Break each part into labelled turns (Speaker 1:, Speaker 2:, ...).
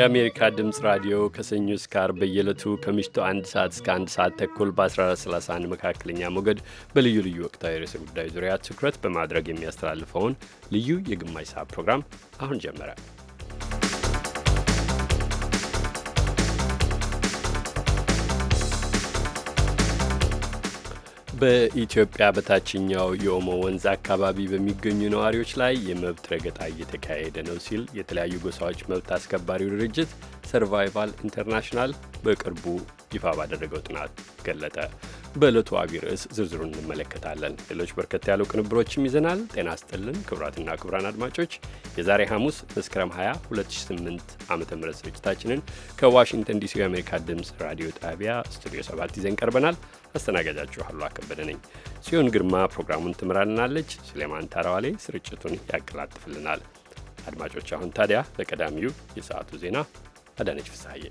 Speaker 1: የአሜሪካ ድምፅ ራዲዮ ከሰኞ እስከ ዓርብ በየዕለቱ ከምሽቱ አንድ ሰዓት እስከ አንድ ሰዓት ተኩል በ1431 መካከለኛ ሞገድ በልዩ ልዩ ወቅታዊ ርዕሰ ጉዳይ ዙሪያ ትኩረት በማድረግ የሚያስተላልፈውን ልዩ የግማሽ ሰዓት ፕሮግራም አሁን ጀመረ። በኢትዮጵያ በታችኛው የኦሞ ወንዝ አካባቢ በሚገኙ ነዋሪዎች ላይ የመብት ረገጣ እየተካሄደ ነው ሲል የተለያዩ ጎሳዎች መብት አስከባሪው ድርጅት ሰርቫይቫል ኢንተርናሽናል በቅርቡ ይፋ ባደረገው ጥናት ገለጠ። በዕለቱ አቢይ ርዕስ ዝርዝሩን እንመለከታለን። ሌሎች በርከት ያሉ ቅንብሮችም ይዘናል። ጤና ስጥልን ክቡራትና ክቡራን አድማጮች የዛሬ ሐሙስ መስከረም 20 2008 ዓ ም ስርጭታችንን ከዋሽንግተን ዲሲ የአሜሪካ ድምፅ ራዲዮ ጣቢያ ስቱዲዮ 7 ይዘን ቀርበናል። አስተናጋጃችሁ አሉ አከበደ ነኝ። ጽዮን ግርማ ፕሮግራሙን ትምራልናለች። ሱሌማን ታራዋሌ ስርጭቱን ያቀላጥፍልናል። አድማጮች አሁን ታዲያ ለቀዳሚው የሰዓቱ ዜና አዳነች ፍስሐዬ።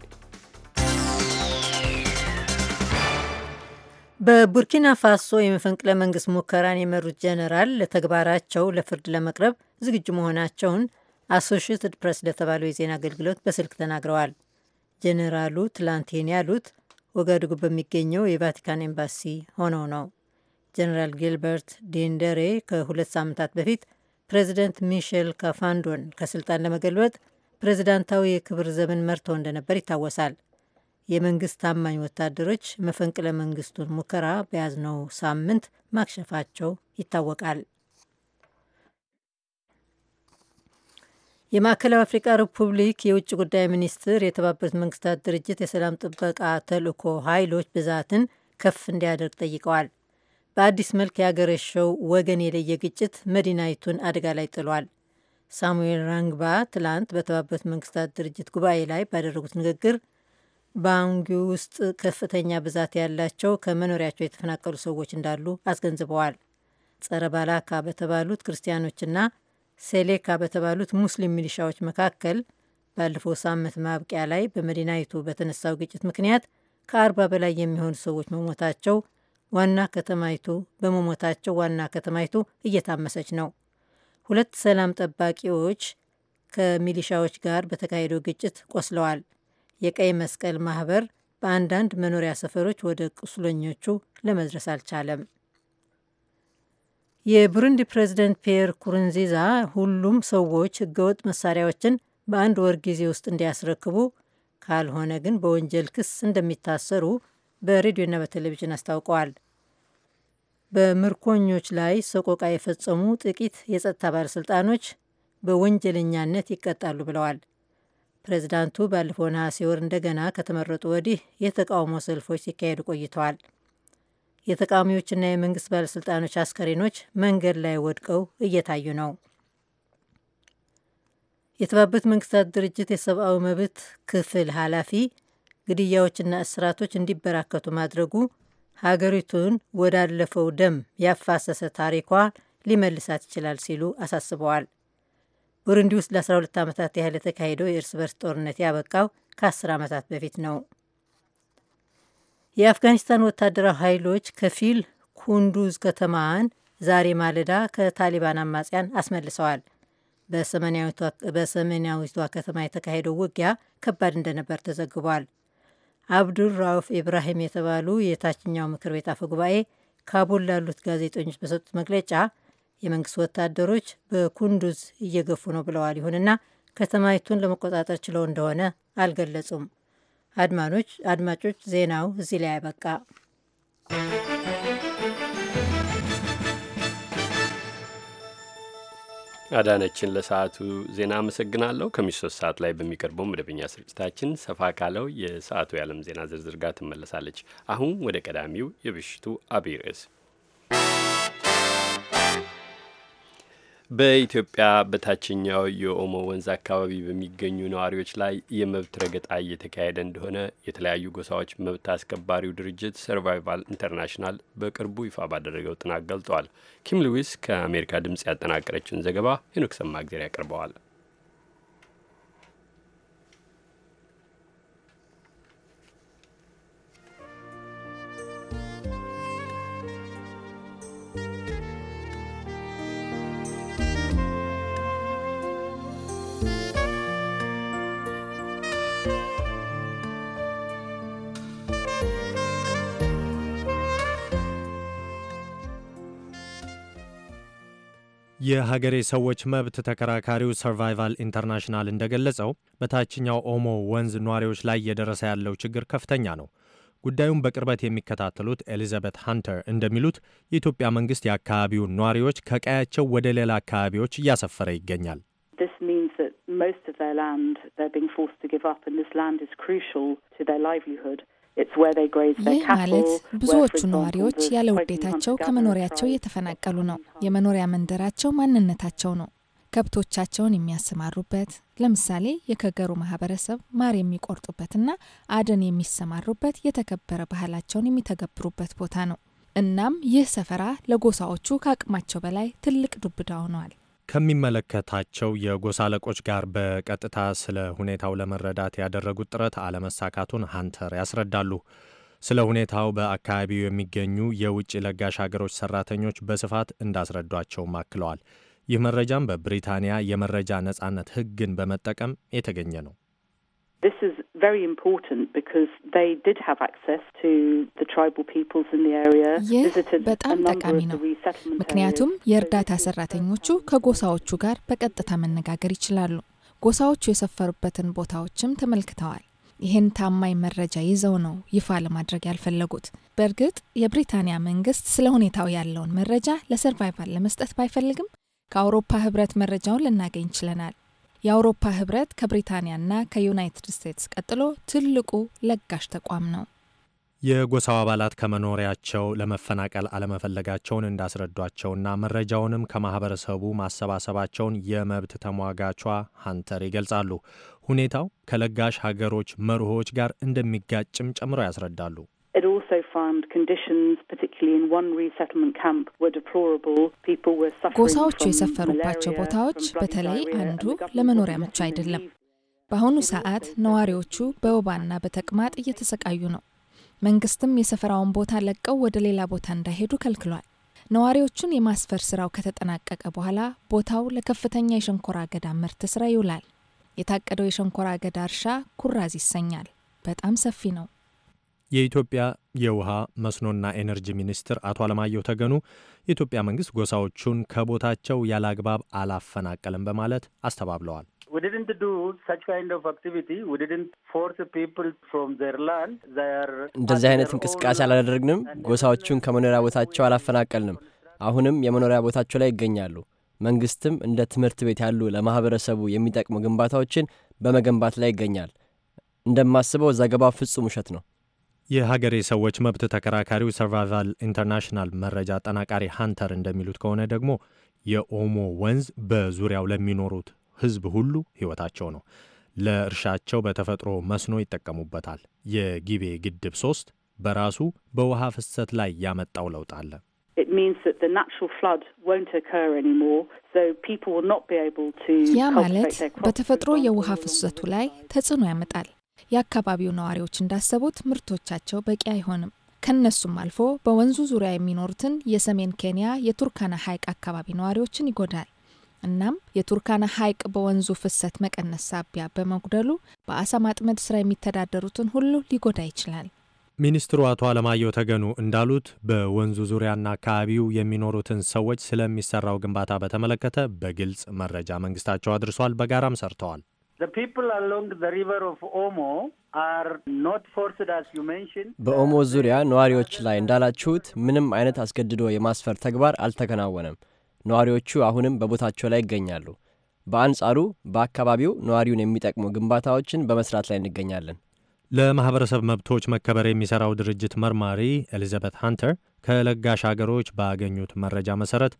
Speaker 2: በቡርኪና ፋሶ የመፈንቅለ መንግስት ሙከራን የመሩት ጀነራል ለተግባራቸው ለፍርድ ለመቅረብ ዝግጁ መሆናቸውን አሶሽትድ ፕሬስ ለተባለው የዜና አገልግሎት በስልክ ተናግረዋል። ጀነራሉ ትላንት ይህን ያሉት ወጋድጉ በሚገኘው የቫቲካን ኤምባሲ ሆነው ነው። ጀነራል ጊልበርት ዴንደሬ ከሁለት ሳምንታት በፊት ፕሬዚደንት ሚሼል ካፋንዶን ከስልጣን ለመገልበጥ ፕሬዝዳንታዊ የክብር ዘመን መርተው እንደነበር ይታወሳል። የመንግስት ታማኝ ወታደሮች መፈንቅለ መንግስቱን ሙከራ በያዝነው ሳምንት ማክሸፋቸው ይታወቃል። የማዕከላዊ አፍሪካ ሪፑብሊክ የውጭ ጉዳይ ሚኒስትር የተባበሩት መንግስታት ድርጅት የሰላም ጥበቃ ተልእኮ ኃይሎች ብዛትን ከፍ እንዲያደርግ ጠይቀዋል። በአዲስ መልክ ያገረሸው ወገን የለየ ግጭት መዲናይቱን አደጋ ላይ ጥሏል። ሳሙኤል ራንግባ ትላንት በተባበሩት መንግስታት ድርጅት ጉባኤ ላይ ባደረጉት ንግግር ባንጊ ውስጥ ከፍተኛ ብዛት ያላቸው ከመኖሪያቸው የተፈናቀሉ ሰዎች እንዳሉ አስገንዝበዋል። ጸረ ባላካ በተባሉት ክርስቲያኖችና ሴሌካ በተባሉት ሙስሊም ሚሊሻዎች መካከል ባለፈው ሳምንት ማብቂያ ላይ በመዲናይቱ በተነሳው ግጭት ምክንያት ከአርባ በላይ የሚሆኑ ሰዎች መሞታቸው ዋና ከተማይቱ በመሞታቸው ዋና ከተማይቱ እየታመሰች ነው። ሁለት ሰላም ጠባቂዎች ከሚሊሻዎች ጋር በተካሄደው ግጭት ቆስለዋል። የቀይ መስቀል ማህበር በአንዳንድ መኖሪያ ሰፈሮች ወደ ቁስለኞቹ ለመድረስ አልቻለም። የቡሩንዲ ፕሬዚደንት ፒየር ኩሩንዚዛ ሁሉም ሰዎች ህገወጥ መሳሪያዎችን በአንድ ወር ጊዜ ውስጥ እንዲያስረክቡ ካልሆነ ግን በወንጀል ክስ እንደሚታሰሩ በሬዲዮና በቴሌቪዥን አስታውቀዋል። በምርኮኞች ላይ ሰቆቃ የፈጸሙ ጥቂት የጸጥታ ባለሥልጣኖች በወንጀለኛነት ይቀጣሉ ብለዋል። ፕሬዚዳንቱ ባለፈው ነሐሴ ወር እንደገና ከተመረጡ ወዲህ የተቃውሞ ሰልፎች ሲካሄዱ ቆይተዋል። የተቃዋሚዎችና የመንግስት ባለሥልጣኖች አስከሬኖች መንገድ ላይ ወድቀው እየታዩ ነው። የተባበሩት መንግስታት ድርጅት የሰብአዊ መብት ክፍል ኃላፊ ግድያዎችና እስራቶች እንዲበራከቱ ማድረጉ ሀገሪቱን ወዳለፈው ደም ያፋሰሰ ታሪኳ ሊመልሳት ይችላል ሲሉ አሳስበዋል። ቡሩንዲ ውስጥ ለ12 ዓመታት ያህል የተካሄደው የእርስ በርስ ጦርነት ያበቃው ከ10 ዓመታት በፊት ነው። የአፍጋኒስታን ወታደራዊ ኃይሎች ከፊል ኩንዱዝ ከተማን ዛሬ ማለዳ ከታሊባን አማጽያን አስመልሰዋል። በሰሜናዊቷ ከተማ የተካሄደው ውጊያ ከባድ እንደነበር ተዘግቧል። አብዱር ራውፍ ኢብራሂም የተባሉ የታችኛው ምክር ቤት አፈ ጉባኤ ካቡል ላሉት ጋዜጠኞች በሰጡት መግለጫ የመንግስት ወታደሮች በኩንዱዝ እየገፉ ነው ብለዋል። ይሁንና ከተማይቱን ለመቆጣጠር ችለው እንደሆነ አልገለጹም። አድማጮች ዜናው እዚህ ላይ
Speaker 3: you.
Speaker 1: አዳነችን ለሰዓቱ ዜና አመሰግናለሁ። ከምሽቱ ሶስት ሰዓት ላይ በሚቀርበው መደበኛ ስርጭታችን ሰፋ ካለው የሰዓቱ የዓለም ዜና ዝርዝር ጋር ትመለሳለች። አሁን ወደ ቀዳሚው የብሽቱ አብይ ርዕስ በኢትዮጵያ በታችኛው የኦሞ ወንዝ አካባቢ በሚገኙ ነዋሪዎች ላይ የመብት ረገጣ እየተካሄደ እንደሆነ የተለያዩ ጎሳዎች መብት አስከባሪው ድርጅት ሰርቫይቫል ኢንተርናሽናል በቅርቡ ይፋ ባደረገው ጥናት ገልጠዋል። ኪም ሉዊስ ከአሜሪካ ድምፅ ያጠናቀረችውን ዘገባ ሄኖክ ሰማግዜር ያቀርበዋል።
Speaker 4: የሀገሬ ሰዎች መብት ተከራካሪው ሰርቫይቫል ኢንተርናሽናል እንደገለጸው በታችኛው ኦሞ ወንዝ ነዋሪዎች ላይ እየደረሰ ያለው ችግር ከፍተኛ ነው። ጉዳዩን በቅርበት የሚከታተሉት ኤሊዛቤት ሃንተር እንደሚሉት የኢትዮጵያ መንግስት የአካባቢውን ነዋሪዎች ከቀያቸው ወደ ሌላ አካባቢዎች እያሰፈረ ይገኛል።
Speaker 5: ይህ ማለት ብዙዎቹ ነዋሪዎች ያለ ውዴታቸው ከመኖሪያቸው እየተፈናቀሉ ነው። የመኖሪያ መንደራቸው ማንነታቸው ነው። ከብቶቻቸውን የሚያሰማሩበት ለምሳሌ የከገሩ ማህበረሰብ ማር የሚቆርጡበትና አደን የሚሰማሩበት የተከበረ ባህላቸውን የሚተገብሩበት ቦታ ነው። እናም ይህ ሰፈራ ለጎሳዎቹ ከአቅማቸው በላይ ትልቅ ዱብዳ ሆነዋል።
Speaker 4: ከሚመለከታቸው የጎሳ አለቆች ጋር በቀጥታ ስለ ሁኔታው ለመረዳት ያደረጉት ጥረት አለመሳካቱን ሀንተር ያስረዳሉ። ስለ ሁኔታው በአካባቢው የሚገኙ የውጭ ለጋሽ ሀገሮች ሰራተኞች በስፋት እንዳስረዷቸውም አክለዋል። ይህ መረጃም በብሪታንያ የመረጃ ነጻነት ሕግን በመጠቀም የተገኘ ነው።
Speaker 5: This is very important because they did have access to the tribal peoples in the area. ይህ በጣም ጠቃሚ ነው፣ ምክንያቱም የእርዳታ uh, ሰራተኞቹ ከጎሳዎቹ ጋር በቀጥታ መነጋገር ይችላሉ። ጎሳዎቹ የሰፈሩበትን ቦታዎችም ተመልክተዋል። ይህን ታማኝ መረጃ ይዘው ነው ይፋ ለማድረግ ያልፈለጉት። በእርግጥ የብሪታንያ መንግስት ስለ ሁኔታው ያለውን መረጃ ለሰርቫይቫል ለመስጠት ባይፈልግም ከአውሮፓ ህብረት መረጃውን ልናገኝ ችለናል። የአውሮፓ ህብረት ከብሪታንያና ከዩናይትድ ስቴትስ ቀጥሎ ትልቁ ለጋሽ ተቋም
Speaker 2: ነው።
Speaker 4: የጎሳው አባላት ከመኖሪያቸው ለመፈናቀል አለመፈለጋቸውን እንዳስረዷቸውና መረጃውንም ከማህበረሰቡ ማሰባሰባቸውን የመብት ተሟጋቿ ሀንተር ይገልጻሉ። ሁኔታው ከለጋሽ ሀገሮች መርሆች ጋር እንደሚጋጭም ጨምረው ያስረዳሉ።
Speaker 3: It also found conditions, particularly in one resettlement camp, were
Speaker 5: deplorable. People were suffering የሰፈሩባቸው ቦታዎች በተለይ አንዱ ለመኖሪያ ምቹ አይደለም። በአሁኑ ሰዓት ነዋሪዎቹ በወባና በተቅማጥ እየተሰቃዩ ነው። መንግስትም የሰፈራውን ቦታ ለቀው ወደ ሌላ ቦታ እንዳይሄዱ ከልክሏል። ነዋሪዎቹን የማስፈር ስራው ከተጠናቀቀ በኋላ ቦታው ለከፍተኛ የሸንኮራ አገዳ ምርት ስራ ይውላል። የታቀደው የሸንኮራ አገዳ እርሻ ኩራዝ ይሰኛል። በጣም ሰፊ ነው።
Speaker 4: የኢትዮጵያ የውሃ መስኖና ኤነርጂ ሚኒስትር አቶ አለማየሁ ተገኑ የኢትዮጵያ መንግስት ጎሳዎቹን ከቦታቸው ያለ አግባብ አላፈናቀልም በማለት አስተባብለዋል።
Speaker 6: እንደዚህ አይነት እንቅስቃሴ አላደረግንም። ጎሳዎቹን ከመኖሪያ ቦታቸው አላፈናቀልንም። አሁንም የመኖሪያ ቦታቸው ላይ ይገኛሉ። መንግስትም እንደ ትምህርት ቤት ያሉ ለማህበረሰቡ የሚጠቅሙ ግንባታዎችን በመገንባት ላይ ይገኛል። እንደማስበው ዘገባው ፍጹም ውሸት ነው።
Speaker 4: የሀገሬ ሰዎች መብት ተከራካሪው ሰርቫይቫል ኢንተርናሽናል መረጃ አጠናቃሪ ሀንተር እንደሚሉት ከሆነ ደግሞ የኦሞ ወንዝ በዙሪያው ለሚኖሩት ሕዝብ ሁሉ ሕይወታቸው ነው። ለእርሻቸው በተፈጥሮ መስኖ ይጠቀሙበታል። የጊቤ ግድብ ሶስት በራሱ በውሃ ፍሰት ላይ ያመጣው ለውጥ አለ።
Speaker 5: ያ ማለት በተፈጥሮ የውሃ ፍሰቱ ላይ ተጽዕኖ ያመጣል። የአካባቢው ነዋሪዎች እንዳሰቡት ምርቶቻቸው በቂ አይሆንም። ከነሱም አልፎ በወንዙ ዙሪያ የሚኖሩትን የሰሜን ኬንያ የቱርካና ሐይቅ አካባቢ ነዋሪዎችን ይጎዳል። እናም የቱርካና ሐይቅ በወንዙ ፍሰት መቀነስ ሳቢያ በመጉደሉ በአሳ ማጥመድ ስራ የሚተዳደሩትን ሁሉ ሊጎዳ ይችላል።
Speaker 4: ሚኒስትሩ አቶ አለማየሁ ተገኑ እንዳሉት በወንዙ ዙሪያና አካባቢው የሚኖሩትን ሰዎች ስለሚሰራው ግንባታ በተመለከተ በግልጽ መረጃ መንግስታቸው አድርሷል። በጋራም ሰርተዋል።
Speaker 3: በኦሞ
Speaker 6: ዙሪያ ነዋሪዎች ላይ እንዳላችሁት ምንም አይነት አስገድዶ የማስፈር ተግባር አልተከናወነም። ነዋሪዎቹ አሁንም በቦታቸው ላይ ይገኛሉ። በአንጻሩ በአካባቢው ነዋሪውን የሚጠቅሙ ግንባታዎችን በመስራት ላይ እንገኛለን።
Speaker 4: ለማህበረሰብ መብቶች መከበር የሚሰራው ድርጅት መርማሪ ኤሊዛቤት ሃንተር ከለጋሽ አገሮች ባገኙት መረጃ መሰረት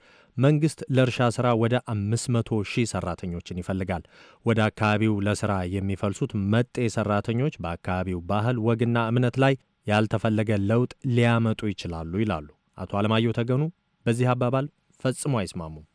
Speaker 4: መንግሥት ለእርሻ ሥራ ወደ 500 ሺህ ሠራተኞችን ይፈልጋል። ወደ አካባቢው ለሥራ የሚፈልሱት መጤ ሠራተኞች በአካባቢው ባህል ወግና እምነት ላይ ያልተፈለገ ለውጥ ሊያመጡ ይችላሉ ይላሉ አቶ አለማየሁ ተገኑ። በዚህ አባባል ፈጽሞ አይስማሙም።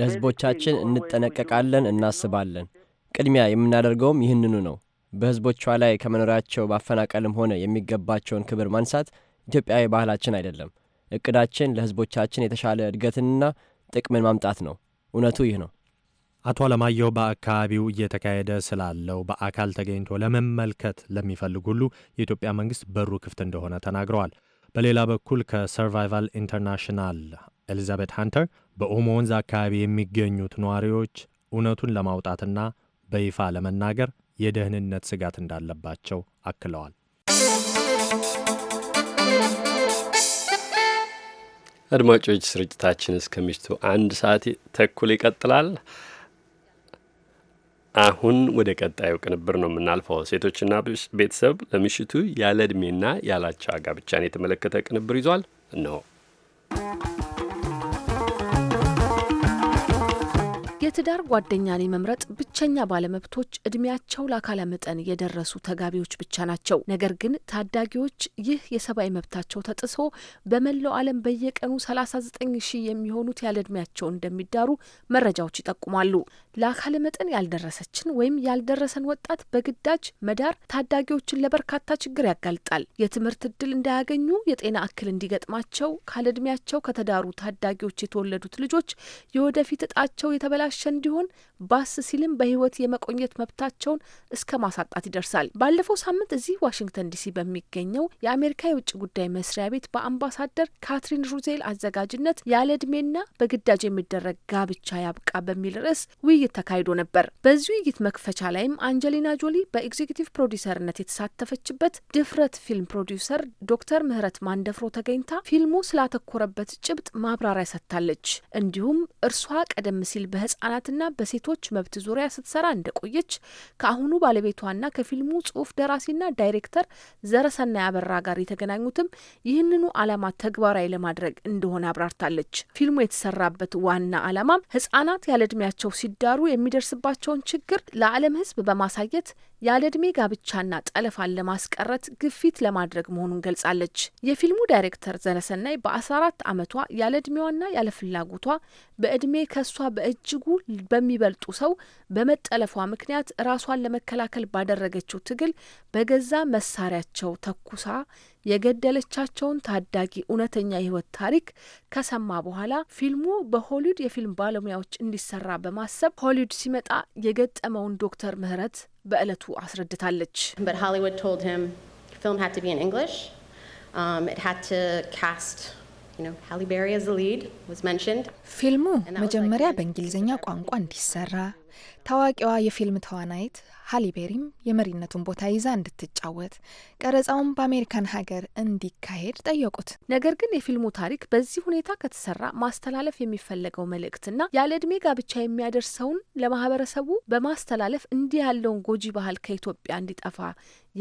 Speaker 7: ለሕዝቦቻችን
Speaker 4: እንጠነቀቃለን፣ እናስባለን። ቅድሚያ
Speaker 6: የምናደርገውም ይህንኑ ነው። በህዝቦቿ ላይ ከመኖሪያቸው ማፈናቀልም ሆነ የሚገባቸውን ክብር ማንሳት ኢትዮጵያዊ ባህላችን አይደለም። እቅዳችን ለህዝቦቻችን የተሻለ እድገትንና ጥቅምን ማምጣት ነው።
Speaker 4: እውነቱ ይህ ነው። አቶ አለማየሁ በአካባቢው እየተካሄደ ስላለው በአካል ተገኝቶ ለመመልከት ለሚፈልግ ሁሉ የኢትዮጵያ መንግስት በሩ ክፍት እንደሆነ ተናግረዋል። በሌላ በኩል ከሰርቫይቫል ኢንተርናሽናል ኤሊዛቤት ሃንተር በኦሞ ወንዝ አካባቢ የሚገኙት ነዋሪዎች እውነቱን ለማውጣትና በይፋ ለመናገር የደህንነት ስጋት እንዳለባቸው አክለዋል።
Speaker 1: አድማጮች ስርጭታችን እስከ ምሽቱ አንድ ሰዓት ተኩል ይቀጥላል። አሁን ወደ ቀጣዩ ቅንብር ነው የምናልፈው። ሴቶችና ቤተሰብ ለምሽቱ ያለ ዕድሜና ያላቸው ጋብቻን የተመለከተ ቅንብር ይዟል ነው
Speaker 8: የትዳር ጓደኛን የመምረጥ ብቸኛ ባለመብቶች እድሜያቸው ለአካለ መጠን የደረሱ ተጋቢዎች ብቻ ናቸው። ነገር ግን ታዳጊዎች ይህ የሰብአዊ መብታቸው ተጥሶ በመላው ዓለም በየቀኑ 39 ሺህ የሚሆኑት ያለ እድሜያቸው እንደሚዳሩ መረጃዎች ይጠቁማሉ። ለአካለ መጠን ያልደረሰችን ወይም ያልደረሰን ወጣት በግዳጅ መዳር ታዳጊዎችን ለበርካታ ችግር ያጋልጣል። የትምህርት እድል እንዳያገኙ፣ የጤና እክል እንዲገጥማቸው፣ ካለ እድሜያቸው ከተዳሩ ታዳጊዎች የተወለዱት ልጆች የወደፊት እጣቸው የተበላሸ የተበላሸ እንዲሆን ባስ ሲልም በህይወት የመቆየት መብታቸውን እስከ ማሳጣት ይደርሳል። ባለፈው ሳምንት እዚህ ዋሽንግተን ዲሲ በሚገኘው የአሜሪካ የውጭ ጉዳይ መስሪያ ቤት በአምባሳደር ካትሪን ሩዜል አዘጋጅነት ያለ እድሜና በግዳጅ የሚደረግ ጋብቻ ያብቃ በሚል ርዕስ ውይይት ተካሂዶ ነበር። በዚህ ውይይት መክፈቻ ላይም አንጀሊና ጆሊ በኤግዜኪቲቭ ፕሮዲሰርነት የተሳተፈችበት ድፍረት ፊልም ፕሮዲውሰር ዶክተር ምህረት ማንደፍሮ ተገኝታ ፊልሙ ስላተኮረበት ጭብጥ ማብራሪያ ሰጥታለች። እንዲሁም እርሷ ቀደም ሲል በህጻ ህጻናትና በሴቶች መብት ዙሪያ ስትሰራ እንደቆየች ከአሁኑ ባለቤቷና ከፊልሙ ጽሑፍ ደራሲና ዳይሬክተር ዘረሰናይ አበራ ጋር የተገናኙትም ይህንኑ ዓላማ ተግባራዊ ለማድረግ እንደሆነ አብራርታለች። ፊልሙ የተሰራበት ዋና አላማም ህጻናት ያለ እድሜያቸው ሲዳሩ የሚደርስባቸውን ችግር ለዓለም ህዝብ በማሳየት ያለ ጋብቻና ጠለፋን ለማስቀረት ግፊት ለማድረግ መሆኑን ገልጻለች። የፊልሙ ዳይሬክተር ዘነሰናይ በ14 ዓመቷ ያለ ዕድሜዋና ያለ ፍላጎቷ ከሷ በእጅጉ በሚበልጡ ሰው በመጠለፏ ምክንያት ራሷን ለመከላከል ባደረገችው ትግል በገዛ መሳሪያቸው ተኩሳ የገደለቻቸውን ታዳጊ እውነተኛ የህይወት ታሪክ ከሰማ በኋላ ፊልሙ በሆሊውድ የፊልም ባለሙያዎች እንዲሰራ በማሰብ ሆሊውድ ሲመጣ የገጠመውን ዶክተር ምህረት በዕለቱ አስረድታለች። um,
Speaker 5: ፊልሙ መጀመሪያ በእንግሊዝኛ ቋንቋ እንዲሰራ ታዋቂዋ የፊልም ተዋናይት ሀሊቤሪም የመሪነቱን ቦታ ይዛ እንድትጫወት ቀረጻውን በአሜሪካን ሀገር
Speaker 8: እንዲካሄድ ጠየቁት። ነገር ግን የፊልሙ ታሪክ በዚህ ሁኔታ ከተሰራ ማስተላለፍ የሚፈለገው መልእክትና ያለ እድሜ ጋብቻ የሚያደርሰውን ለማህበረሰቡ በማስተላለፍ እንዲህ ያለውን ጎጂ ባህል ከኢትዮጵያ እንዲጠፋ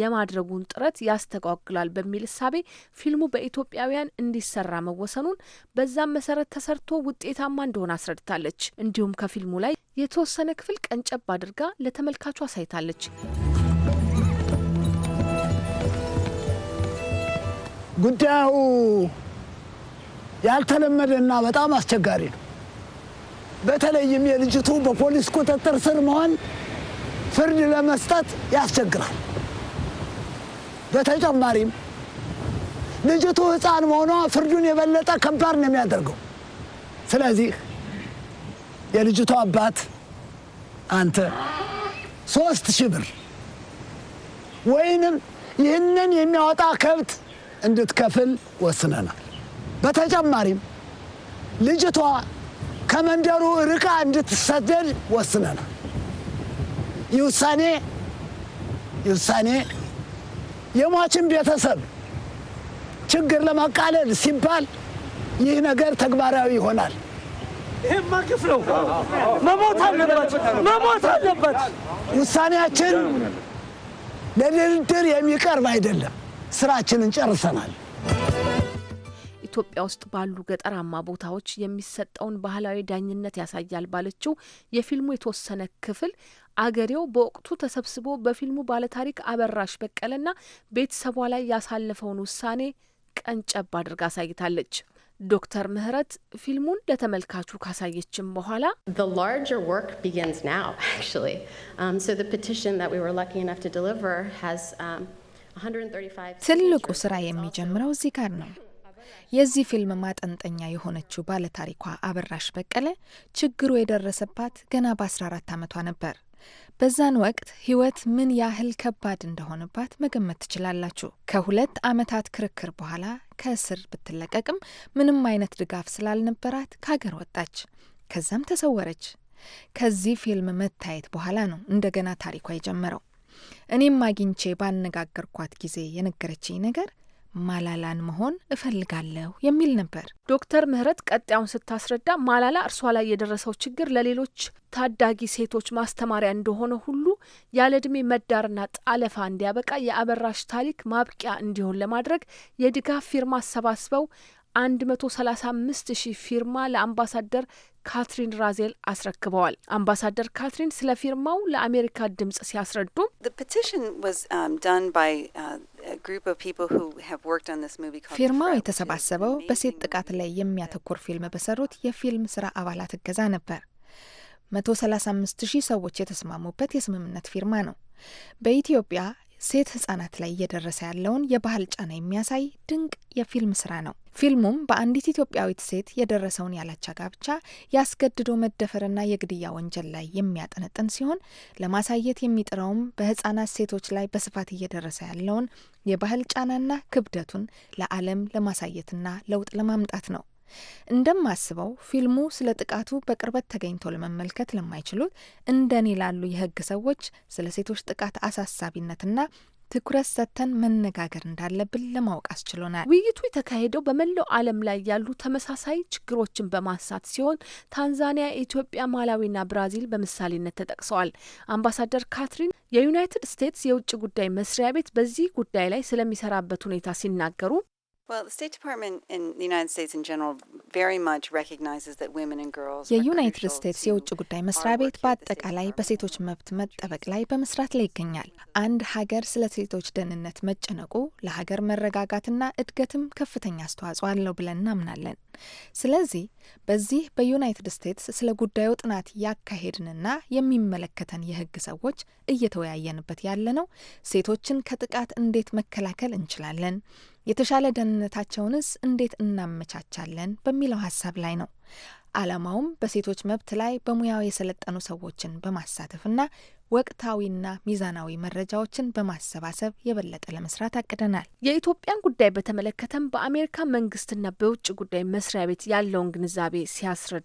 Speaker 8: የማድረጉን ጥረት ያስተጓግላል በሚል እሳቤ ፊልሙ በኢትዮጵያውያን እንዲሰራ መወሰኑን በዛም መሰረት ተሰርቶ ውጤታማ እንደሆነ አስረድታለች። እንዲሁም ከፊልሙ ላይ የተወሰነ ክፍል ቀንጨብ አድርጋ ለተመልካቹ አሳይታል።
Speaker 7: አስረድታለች። ጉዳዩ ያልተለመደና በጣም አስቸጋሪ ነው። በተለይም የልጅቱ በፖሊስ ቁጥጥር ስር መሆን ፍርድ ለመስጠት ያስቸግራል። በተጨማሪም ልጅቱ ሕፃን መሆኗ ፍርዱን የበለጠ ከባድ ነው የሚያደርገው። ስለዚህ የልጅቱ አባት አንተ ሶስት ሺህ ብር ወይንም ይህንን የሚያወጣ ከብት እንድትከፍል ወስነናል። በተጨማሪም ልጅቷ ከመንደሩ ርቃ እንድትሰደድ ወስነናል። ይህ ውሳኔ ይህ ውሳኔ የሟችን ቤተሰብ ችግር ለማቃለል ሲባል ይህ ነገር ተግባራዊ ይሆናል። ይህማ ግፍ ነው። መሞት አለበት፣ መሞት አለበት። ውሳኔያችን ለድርድር የሚቀርብ አይደለም። ስራችንን ጨርሰናል።
Speaker 8: ኢትዮጵያ ውስጥ ባሉ ገጠራማ ቦታዎች የሚሰጠውን ባህላዊ ዳኝነት ያሳያል ባለችው የፊልሙ የተወሰነ ክፍል አገሬው በወቅቱ ተሰብስቦ በፊልሙ ባለታሪክ አበራሽ በቀለና ቤተሰቧ ላይ ያሳለፈውን ውሳኔ ቀንጨብ አድርጋ አሳይታለች። ዶክተር ምህረት ፊልሙን ለተመልካቹ ካሳየችም በኋላ ትልቁ ስራ
Speaker 5: የሚጀምረው እዚህ ጋር ነው። የዚህ ፊልም ማጠንጠኛ የሆነችው ባለታሪኳ አበራሽ በቀለ ችግሩ የደረሰባት ገና በ14 ዓመቷ ነበር። በዛን ወቅት ህይወት ምን ያህል ከባድ እንደሆነባት መገመት ትችላላችሁ። ከሁለት ዓመታት ክርክር በኋላ ከእስር ብትለቀቅም ምንም አይነት ድጋፍ ስላልነበራት ከሀገር ወጣች፣ ከዛም ተሰወረች። ከዚህ ፊልም መታየት በኋላ ነው እንደገና ታሪኳ የጀመረው። እኔም አግኝቼ ባነጋገርኳት ጊዜ የነገረችኝ ነገር
Speaker 8: ማላላን መሆን እፈልጋለሁ የሚል ነበር። ዶክተር ምህረት ቀጣዩን ስታስረዳ ማላላ እርሷ ላይ የደረሰው ችግር ለሌሎች ታዳጊ ሴቶች ማስተማሪያ እንደሆነ ሁሉ ያለ መዳርና ጣለፋ እንዲያበቃ የአበራሽ ታሪክ ማብቂያ እንዲሆን ለማድረግ የድጋፍ ፊርማ አሰባስበው 135 ሺህ ፊርማ ለአምባሳደር ካትሪን ራዜል አስረክበዋል። አምባሳደር ካትሪን ስለ ፊርማው ለአሜሪካ ድምጽ ሲያስረዱ
Speaker 5: um, uh, ፊርማው የተሰባሰበው በሴት ጥቃት ላይ የሚያተኩር ፊልም በሰሩት የፊልም ስራ አባላት እገዛ ነበር። 135 ሺህ ሰዎች የተስማሙበት የስምምነት ፊርማ ነው። በኢትዮጵያ ሴት ህጻናት ላይ እየደረሰ ያለውን የባህል ጫና የሚያሳይ ድንቅ የፊልም ስራ ነው። ፊልሙም በአንዲት ኢትዮጵያዊት ሴት የደረሰውን ያላቻ ጋብቻ፣ ያስገድዶ መደፈርና የግድያ ወንጀል ላይ የሚያጠነጥን ሲሆን ለማሳየት የሚጥረውም በህጻናት ሴቶች ላይ በስፋት እየደረሰ ያለውን የባህል ጫናና ክብደቱን ለዓለም ለማሳየትና ለውጥ ለማምጣት ነው። እንደማስበው ፊልሙ ስለ ጥቃቱ በቅርበት ተገኝቶ ለመመልከት ለማይችሉት እንደኔ ላሉ የህግ ሰዎች ስለ ሴቶች ጥቃት አሳሳቢነትና ትኩረት ሰጥተን መነጋገር እንዳለብን ለማወቅ
Speaker 8: አስችሎናል። ውይይቱ የተካሄደው በመላው ዓለም ላይ ያሉ ተመሳሳይ ችግሮችን በማንሳት ሲሆን ታንዛኒያ፣ ኢትዮጵያ፣ ማላዊና ብራዚል በምሳሌነት ተጠቅሰዋል። አምባሳደር ካትሪን የዩናይትድ ስቴትስ የውጭ ጉዳይ መስሪያ ቤት በዚህ ጉዳይ ላይ ስለሚሰራበት ሁኔታ ሲናገሩ
Speaker 5: የዩናይትድ ስቴትስ የውጭ ጉዳይ መስሪያ ቤት በአጠቃላይ በሴቶች መብት መጠበቅ ላይ በመስራት ላይ ይገኛል። አንድ ሀገር ስለ ሴቶች ደህንነት መጨነቁ ለሀገር መረጋጋትና እድገትም ከፍተኛ አስተዋጽኦ አለው ብለን እናምናለን። ስለዚህ በዚህ በዩናይትድ ስቴትስ ስለ ጉዳዩ ጥናት ያካሄድንና የሚመለከተን የህግ ሰዎች እየተወያየንበት ያለ ነው። ሴቶችን ከጥቃት እንዴት መከላከል እንችላለን የተሻለ ደህንነታቸውንስ እንዴት እናመቻቻለን በሚለው ሀሳብ ላይ ነው። ዓላማውም በሴቶች መብት ላይ በሙያው የሰለጠኑ ሰዎችን በማሳተፍና ወቅታዊና
Speaker 8: ሚዛናዊ መረጃዎችን በማሰባሰብ የበለጠ ለመስራት አቅደናል። የኢትዮጵያን ጉዳይ በተመለከተም በአሜሪካ መንግስትና በውጭ ጉዳይ መስሪያ ቤት ያለውን ግንዛቤ ሲያስረዱ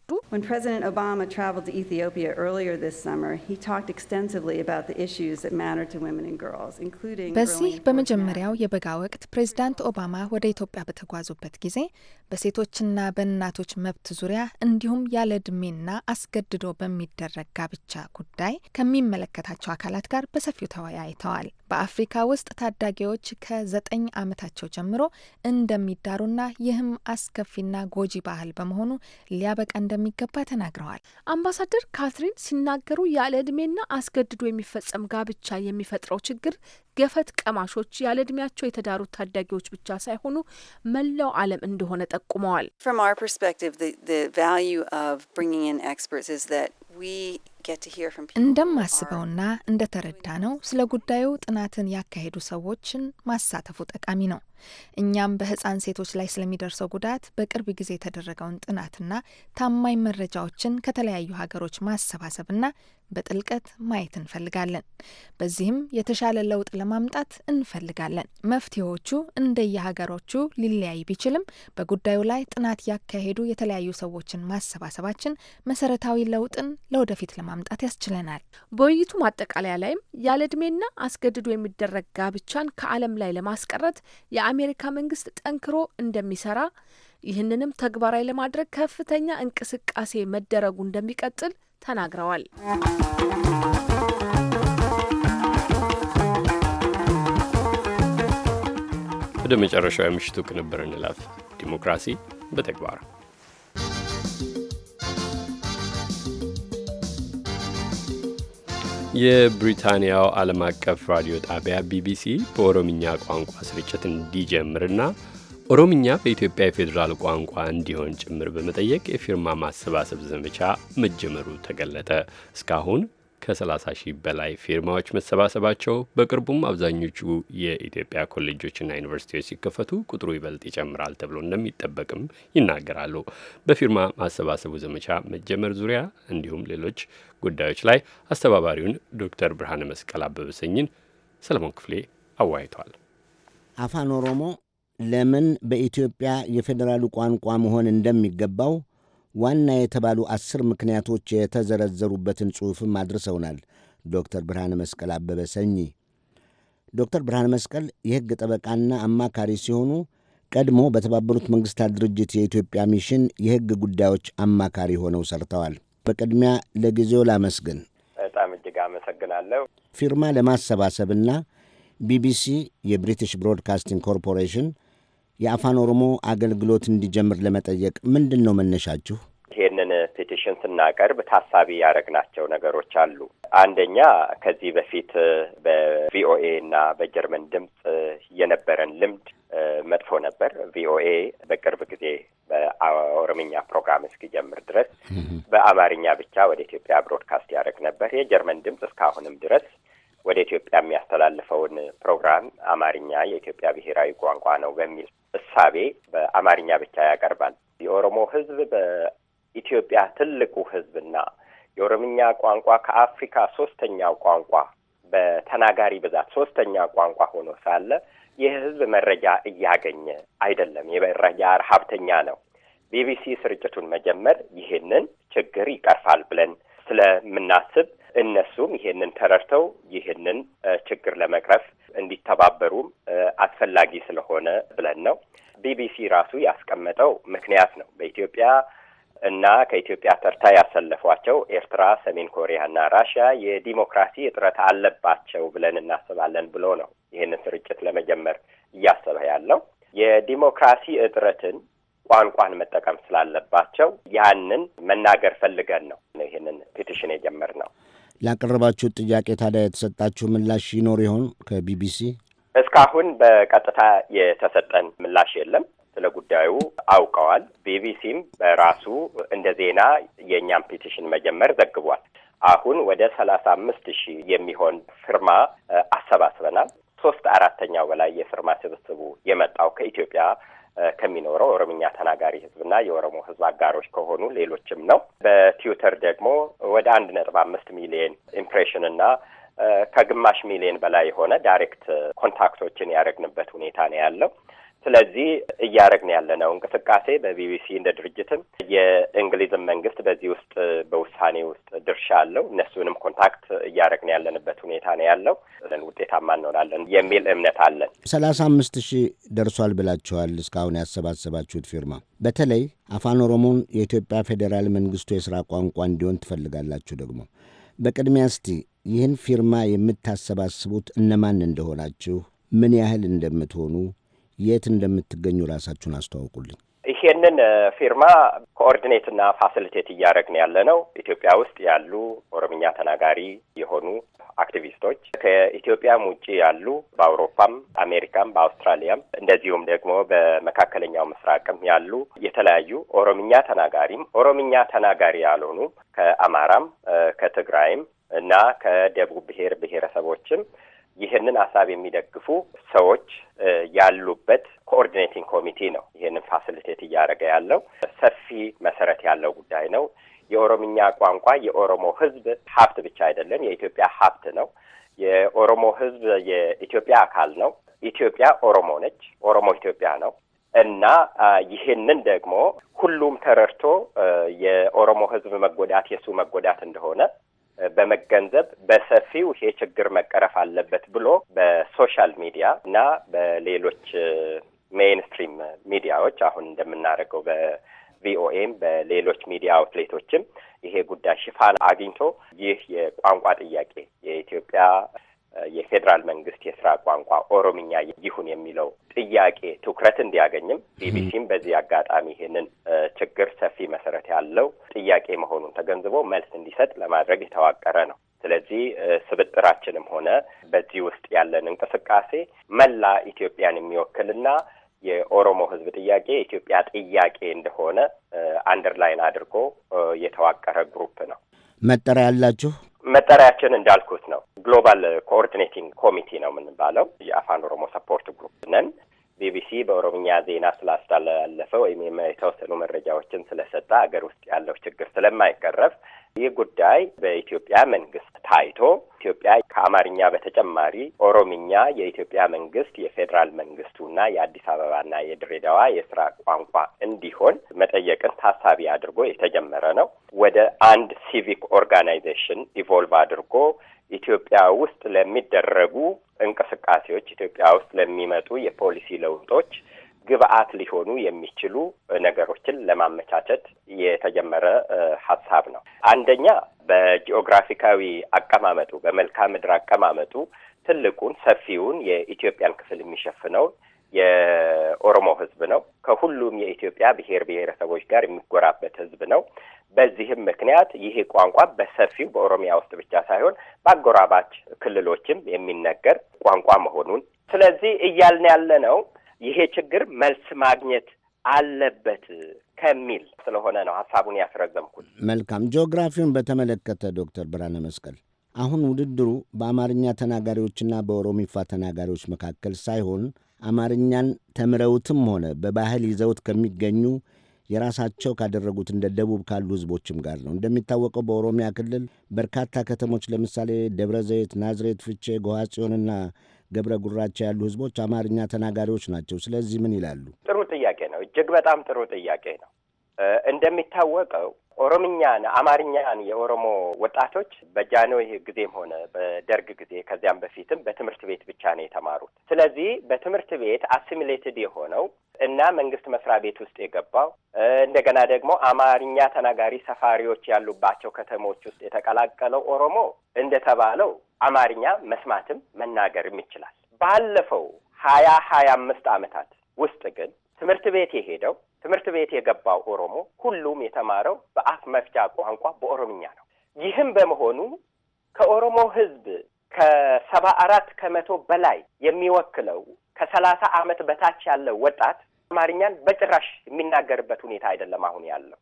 Speaker 5: በዚህ በመጀመሪያው የበጋ ወቅት ፕሬዚዳንት ኦባማ ወደ ኢትዮጵያ በተጓዙበት ጊዜ በሴቶችና በእናቶች መብት ዙሪያ እንዲሁም ያለ እድሜና አስገድዶ በሚደረግ ጋብቻ ጉዳይ ከሚመለከ ከሚመለከታቸው አካላት ጋር በሰፊው ተወያይተዋል። በአፍሪካ ውስጥ ታዳጊዎች ከዘጠኝ ዓመታቸው ጀምሮ እንደሚዳሩና ይህም አስከፊና ጎጂ ባህል በመሆኑ ሊያበቃ እንደሚገባ
Speaker 8: ተናግረዋል። አምባሳደር ካትሪን ሲናገሩ ያለ እድሜና አስገድዶ የሚፈጸም ጋብቻ የሚፈጥረው ችግር ገፈት ቀማሾች ያለ ዕድሜያቸው የተዳሩት ታዳጊዎች ብቻ ሳይሆኑ መላው ዓለም እንደሆነ ጠቁመዋል።
Speaker 5: እንደማስበውና እንደተረዳ ነው ስለ ጉዳዩ ጥናትን ያካሄዱ ሰዎችን ማሳተፉ ጠቃሚ ነው። እኛም በህጻን ሴቶች ላይ ስለሚደርሰው ጉዳት በቅርብ ጊዜ የተደረገውን ጥናትና ታማኝ መረጃዎችን ከተለያዩ ሀገሮች ማሰባሰብና በጥልቀት ማየት እንፈልጋለን። በዚህም የተሻለ ለውጥ ለማምጣት እንፈልጋለን። መፍትሄዎቹ እንደየሀገሮቹ ሊለያይ ቢችልም በጉዳዩ ላይ ጥናት ያካሄዱ የተለያዩ ሰዎችን ማሰባሰባችን
Speaker 8: መሰረታዊ ለውጥን ለወደፊት ለማምጣት ያስችለናል። በውይይቱ ማጠቃለያ ላይም ያለ ዕድሜና አስገድዶ የሚደረግ ጋብቻን ከዓለም ላይ ለማስቀረት የአሜሪካ መንግስት ጠንክሮ እንደሚሰራ ይህንንም ተግባራዊ ለማድረግ ከፍተኛ እንቅስቃሴ መደረጉ እንደሚቀጥል ተናግረዋል።
Speaker 1: ወደ መጨረሻው የምሽቱ ቅንብር እንለፍ። ዲሞክራሲ በተግባር የብሪታንያው ዓለም አቀፍ ራዲዮ ጣቢያ ቢቢሲ በኦሮምኛ ቋንቋ ስርጭት እንዲጀምርና ኦሮምኛ በኢትዮጵያ የፌዴራል ቋንቋ እንዲሆን ጭምር በመጠየቅ የፊርማ ማሰባሰብ ዘመቻ መጀመሩ ተገለጠ። እስካሁን ከ30 ሺህ በላይ ፊርማዎች መሰባሰባቸው፣ በቅርቡም አብዛኞቹ የኢትዮጵያ ኮሌጆችና ዩኒቨርሲቲዎች ሲከፈቱ ቁጥሩ ይበልጥ ይጨምራል ተብሎ እንደሚጠበቅም ይናገራሉ። በፊርማ ማሰባሰቡ ዘመቻ መጀመር ዙሪያ እንዲሁም ሌሎች ጉዳዮች ላይ አስተባባሪውን ዶክተር ብርሃነ መስቀል አበበሰኝን ሰለሞን ክፍሌ አወያይተዋል።
Speaker 9: አፋን ኦሮሞ ለምን በኢትዮጵያ የፌዴራሉ ቋንቋ መሆን እንደሚገባው ዋና የተባሉ አስር ምክንያቶች የተዘረዘሩበትን ጽሑፍም አድርሰውናል ዶክተር ብርሃነ መስቀል አበበ ሰኚ። ዶክተር ብርሃነ መስቀል የሕግ ጠበቃና አማካሪ ሲሆኑ ቀድሞ በተባበሩት መንግሥታት ድርጅት የኢትዮጵያ ሚሽን የሕግ ጉዳዮች አማካሪ ሆነው ሰርተዋል። በቅድሚያ ለጊዜው ላመስግን።
Speaker 6: በጣም እጅግ አመሰግናለሁ።
Speaker 9: ፊርማ ለማሰባሰብና ቢቢሲ የብሪቲሽ ብሮድካስቲንግ ኮርፖሬሽን የአፋን ኦሮሞ አገልግሎት እንዲጀምር ለመጠየቅ ምንድን ነው መነሻችሁ?
Speaker 6: ኢንፎርሜሽን ስናቀርብ ታሳቢ ያደረግናቸው ነገሮች አሉ። አንደኛ ከዚህ በፊት በቪኦኤ እና በጀርመን ድምፅ የነበረን ልምድ መጥፎ ነበር። ቪኦኤ በቅርብ ጊዜ በኦሮምኛ ፕሮግራም እስኪጀምር ድረስ በአማርኛ ብቻ ወደ ኢትዮጵያ ብሮድካስት ያደረግ ነበር። የጀርመን ድምፅ እስካሁንም ድረስ ወደ ኢትዮጵያ የሚያስተላልፈውን ፕሮግራም አማርኛ የኢትዮጵያ ብሔራዊ ቋንቋ ነው በሚል እሳቤ በአማርኛ ብቻ ያቀርባል። የኦሮሞ ሕዝብ ኢትዮጵያ ትልቁ ህዝብና የኦሮምኛ ቋንቋ ከአፍሪካ ሶስተኛው ቋንቋ በተናጋሪ ብዛት ሶስተኛ ቋንቋ ሆኖ ሳለ ይህ ህዝብ መረጃ እያገኘ አይደለም። የመረጃ ረሀብተኛ ነው። ቢቢሲ ስርጭቱን መጀመር ይህንን ችግር ይቀርፋል ብለን ስለምናስብ እነሱም ይሄንን ተረድተው ይህንን ችግር ለመቅረፍ እንዲተባበሩም አስፈላጊ ስለሆነ ብለን ነው። ቢቢሲ ራሱ ያስቀመጠው ምክንያት ነው። በኢትዮጵያ እና ከኢትዮጵያ ተርታ ያሰለፏቸው ኤርትራ፣ ሰሜን ኮሪያ እና ራሽያ የዲሞክራሲ እጥረት አለባቸው ብለን እናስባለን ብሎ ነው ይህንን ስርጭት ለመጀመር እያሰበ ያለው። የዲሞክራሲ እጥረትን ቋንቋን መጠቀም ስላለባቸው ያንን መናገር ፈልገን ነው ይህንን ፔቲሽን የጀመርነው።
Speaker 9: ላቀረባችሁ ጥያቄ ታዲያ የተሰጣችሁ ምላሽ ይኖር ይሆን? ከቢቢሲ
Speaker 6: እስካሁን በቀጥታ የተሰጠን ምላሽ የለም። ስለ ጉዳዩ አውቀዋል። ቢቢሲም በራሱ እንደ ዜና የእኛም ፒቲሽን መጀመር ዘግቧል። አሁን ወደ ሰላሳ አምስት ሺህ የሚሆን ፍርማ አሰባስበናል። ሶስት አራተኛው በላይ የፍርማ ስብስቡ የመጣው ከኢትዮጵያ ከሚኖረው ኦሮምኛ ተናጋሪ ሕዝብና የኦሮሞ ህዝብ አጋሮች ከሆኑ ሌሎችም ነው። በትዊተር ደግሞ ወደ አንድ ነጥብ አምስት ሚሊየን ኢምፕሬሽን እና ከግማሽ ሚሊየን በላይ የሆነ ዳይሬክት ኮንታክቶችን ያደረግንበት ሁኔታ ነው ያለው። ስለዚህ እያደረግን ያለነው እንቅስቃሴ በቢቢሲ እንደ ድርጅትም የእንግሊዝን መንግስት በዚህ ውስጥ በውሳኔ ውስጥ ድርሻ አለው። እነሱንም ኮንታክት እያደረግን ያለንበት ሁኔታ ነው ያለው። ውጤታማ እንሆናለን የሚል እምነት አለን።
Speaker 9: ሰላሳ አምስት ሺህ ደርሷል ብላችኋል። እስካሁን ያሰባሰባችሁት ፊርማ በተለይ አፋን ኦሮሞን የኢትዮጵያ ፌዴራል መንግስቱ የስራ ቋንቋ እንዲሆን ትፈልጋላችሁ። ደግሞ በቅድሚያ እስቲ ይህን ፊርማ የምታሰባስቡት እነማን እንደሆናችሁ፣ ምን ያህል እንደምትሆኑ የት እንደምትገኙ ራሳችሁን አስተዋውቁልኝ።
Speaker 6: ይሄንን ፊርማ ኮኦርዲኔትና ፋሲሊቴት እያደረግን ያለ ነው። ኢትዮጵያ ውስጥ ያሉ ኦሮምኛ ተናጋሪ የሆኑ አክቲቪስቶች ከኢትዮጵያም ውጭ ያሉ በአውሮፓም፣ አሜሪካም፣ በአውስትራሊያም እንደዚሁም ደግሞ በመካከለኛው ምስራቅም ያሉ የተለያዩ ኦሮምኛ ተናጋሪም ኦሮምኛ ተናጋሪ ያልሆኑ ከአማራም ከትግራይም እና ከደቡብ ብሔር ብሔረሰቦችም ይህንን ሀሳብ የሚደግፉ ሰዎች ያሉበት ኮኦርዲኔቲንግ ኮሚቴ ነው ይህንን ፋሲሊቴት እያደረገ ያለው። ሰፊ መሰረት ያለው ጉዳይ ነው። የኦሮምኛ ቋንቋ የኦሮሞ ሕዝብ ሀብት ብቻ አይደለም፣ የኢትዮጵያ ሀብት ነው። የኦሮሞ ሕዝብ የኢትዮጵያ አካል ነው። ኢትዮጵያ ኦሮሞ ነች፣ ኦሮሞ ኢትዮጵያ ነው እና ይህንን ደግሞ ሁሉም ተረድቶ የኦሮሞ ሕዝብ መጎዳት የእሱ መጎዳት እንደሆነ በመገንዘብ በሰፊው ይሄ ችግር መቀረፍ አለበት ብሎ በሶሻል ሚዲያ እና በሌሎች ሜይንስትሪም ሚዲያዎች አሁን እንደምናደርገው በቪኦኤም በሌሎች ሚዲያ አውትሌቶችም ይሄ ጉዳይ ሽፋን አግኝቶ ይህ የቋንቋ ጥያቄ የኢትዮጵያ የፌዴራል መንግስት የስራ ቋንቋ ኦሮምኛ ይሁን የሚለው ጥያቄ ትኩረት እንዲያገኝም ቢቢሲም በዚህ አጋጣሚ ይህንን ችግር ሰፊ መሰረት ያለው ጥያቄ መሆኑን ተገንዝቦ መልስ እንዲሰጥ ለማድረግ የተዋቀረ ነው። ስለዚህ ስብጥራችንም ሆነ በዚህ ውስጥ ያለን እንቅስቃሴ መላ ኢትዮጵያን የሚወክልና የኦሮሞ ሕዝብ ጥያቄ የኢትዮጵያ ጥያቄ እንደሆነ አንደርላይን አድርጎ የተዋቀረ ግሩፕ ነው።
Speaker 9: መጠሪያ ያላችሁ
Speaker 6: መጠሪያችን እንዳልኩት ነው። ግሎባል ኮኦርዲኔቲንግ ኮሚቴ ነው የምንባለው። የአፋን ኦሮሞ ሰፖርት ግሩፕ ነን። ቢቢሲ በኦሮምኛ ዜና ስላስተላለፈ ወይም የተወሰኑ መረጃዎችን ስለሰጠ አገር ውስጥ ያለው ችግር ስለማይቀረፍ ይህ ጉዳይ በኢትዮጵያ መንግስት ታይቶ ኢትዮጵያ ከአማርኛ በተጨማሪ ኦሮምኛ የኢትዮጵያ መንግስት የፌዴራል መንግስቱና የአዲስ አበባና የድሬዳዋ የስራ ቋንቋ እንዲሆን መጠየቅን ታሳቢ አድርጎ የተጀመረ ነው። ወደ አንድ ሲቪክ ኦርጋናይዜሽን ኢቮልቭ አድርጎ ኢትዮጵያ ውስጥ ለሚደረጉ እንቅስቃሴዎች፣ ኢትዮጵያ ውስጥ ለሚመጡ የፖሊሲ ለውጦች ግብአት ሊሆኑ የሚችሉ ነገሮችን ለማመቻቸት የተጀመረ ሀሳብ ነው። አንደኛ በጂኦግራፊካዊ አቀማመጡ በመልክዓ ምድር አቀማመጡ ትልቁን ሰፊውን የኢትዮጵያን ክፍል የሚሸፍነው የኦሮሞ ህዝብ ነው። ከሁሉም የኢትዮጵያ ብሔር ብሔረሰቦች ጋር የሚጎራበት ህዝብ ነው። በዚህም ምክንያት ይሄ ቋንቋ በሰፊው በኦሮሚያ ውስጥ ብቻ ሳይሆን በአጎራባች ክልሎችም የሚነገር ቋንቋ መሆኑን ስለዚህ እያልን ያለ ነው ይሄ ችግር መልስ ማግኘት አለበት ከሚል ስለሆነ ነው ሀሳቡን ያስረዘምኩት።
Speaker 9: መልካም። ጂኦግራፊውን በተመለከተ ዶክተር ብርሃነ መስቀል አሁን ውድድሩ በአማርኛ ተናጋሪዎችና በኦሮሚፋ ተናጋሪዎች መካከል ሳይሆን አማርኛን ተምረውትም ሆነ በባህል ይዘውት ከሚገኙ የራሳቸው ካደረጉት እንደ ደቡብ ካሉ ህዝቦችም ጋር ነው። እንደሚታወቀው በኦሮሚያ ክልል በርካታ ከተሞች ለምሳሌ ደብረ ዘይት፣ ናዝሬት፣ ፍቼ፣ ጎሃጽዮንና ገብረ ጉራቻ ያሉ ህዝቦች አማርኛ ተናጋሪዎች ናቸው። ስለዚህ ምን ይላሉ?
Speaker 6: ጥሩ ጥያቄ ነው። እጅግ በጣም ጥሩ ጥያቄ ነው። እንደሚታወቀው ኦሮምኛን፣ አማርኛን የኦሮሞ ወጣቶች በጃንሆይ ጊዜም ሆነ በደርግ ጊዜ ከዚያም በፊትም በትምህርት ቤት ብቻ ነው የተማሩት። ስለዚህ በትምህርት ቤት አሲሚሌትድ የሆነው እና መንግስት መስሪያ ቤት ውስጥ የገባው እንደገና ደግሞ አማርኛ ተናጋሪ ሰፋሪዎች ያሉባቸው ከተሞች ውስጥ የተቀላቀለው ኦሮሞ እንደተባለው አማርኛ መስማትም መናገርም ይችላል። ባለፈው ሀያ ሀያ አምስት ዓመታት ውስጥ ግን ትምህርት ቤት የሄደው ትምህርት ቤት የገባው ኦሮሞ ሁሉም የተማረው በአፍ መፍቻ ቋንቋ በኦሮምኛ ነው። ይህም በመሆኑ ከኦሮሞ ህዝብ ከሰባ አራት ከመቶ በላይ የሚወክለው ከሰላሳ ዓመት በታች ያለው ወጣት አማርኛን በጭራሽ የሚናገርበት ሁኔታ አይደለም አሁን ያለው።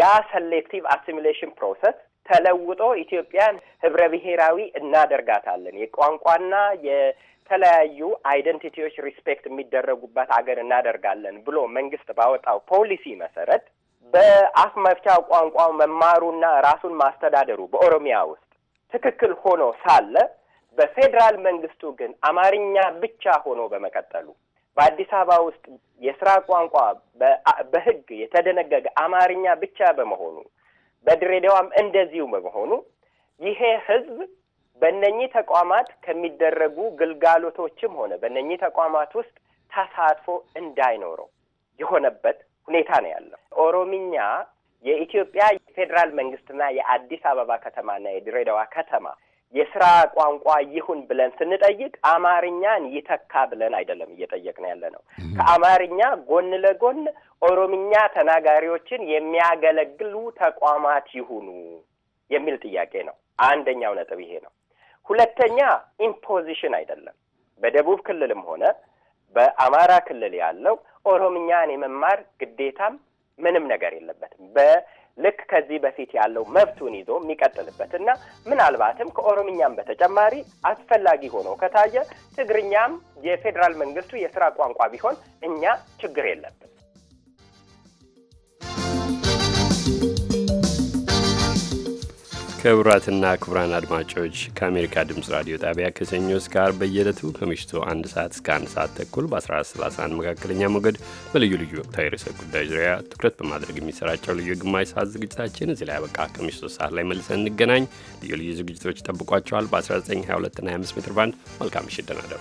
Speaker 6: ያ ሰሌክቲቭ አሲሚሌሽን ፕሮሰስ ተለውጦ ኢትዮጵያን ህብረ ብሔራዊ እናደርጋታለን የቋንቋና የተለያዩ አይደንቲቲዎች ሪስፔክት የሚደረጉበት ሀገር እናደርጋለን ብሎ መንግስት ባወጣው ፖሊሲ መሰረት በአፍ መፍቻ ቋንቋ መማሩና ራሱን ማስተዳደሩ በኦሮሚያ ውስጥ ትክክል ሆኖ ሳለ በፌዴራል መንግስቱ ግን አማርኛ ብቻ ሆኖ በመቀጠሉ በአዲስ አበባ ውስጥ የስራ ቋንቋ በህግ የተደነገገ አማርኛ ብቻ በመሆኑ በድሬዳዋም እንደዚሁ በመሆኑ ይሄ ህዝብ በእነኚህ ተቋማት ከሚደረጉ ግልጋሎቶችም ሆነ በእነኚህ ተቋማት ውስጥ ተሳትፎ እንዳይኖረው የሆነበት ሁኔታ ነው ያለው። ኦሮሚኛ የኢትዮጵያ የፌዴራል መንግስትና የአዲስ አበባ ከተማና የድሬዳዋ ከተማ የስራ ቋንቋ ይሁን ብለን ስንጠይቅ አማርኛን ይተካ ብለን አይደለም እየጠየቅን ያለ ነው። ከአማርኛ ጎን ለጎን ኦሮምኛ ተናጋሪዎችን የሚያገለግሉ ተቋማት ይሁኑ የሚል ጥያቄ ነው። አንደኛው ነጥብ ይሄ ነው። ሁለተኛ ኢምፖዚሽን አይደለም። በደቡብ ክልልም ሆነ በአማራ ክልል ያለው ኦሮምኛን የመማር ግዴታም ምንም ነገር የለበትም። ልክ ከዚህ በፊት ያለው መብቱን ይዞ የሚቀጥልበት እና ምናልባትም ከኦሮምኛም በተጨማሪ አስፈላጊ ሆኖ ከታየ ትግርኛም የፌዴራል መንግስቱ የስራ ቋንቋ ቢሆን እኛ ችግር
Speaker 3: የለብን።
Speaker 1: ክቡራትና ክቡራን አድማጮች ከአሜሪካ ድምፅ ራዲዮ ጣቢያ ከሰኞ እስከ በየለቱ በየዕለቱ ከምሽቱ አንድ ሰዓት እስከ አንድ ሰዓት ተኩል በ1431 መካከለኛ ሞገድ በልዩ ልዩ ወቅታዊ ርዕሰ ጉዳይ ዙሪያ ትኩረት በማድረግ የሚሰራጨው ልዩ ግማሽ ሰዓት ዝግጅታችን እዚህ ላይ ያበቃ። ከምሽቱ ሰዓት ላይ መልሰን እንገናኝ። ልዩ ልዩ ዝግጅቶች ይጠብቋቸዋል። 1922 25 ሜትር ባንድ መልካም ምሽት፣ ደህና እደሩ።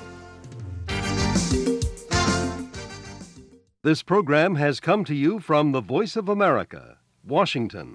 Speaker 1: This
Speaker 7: program has come to you from the Voice of America, Washington.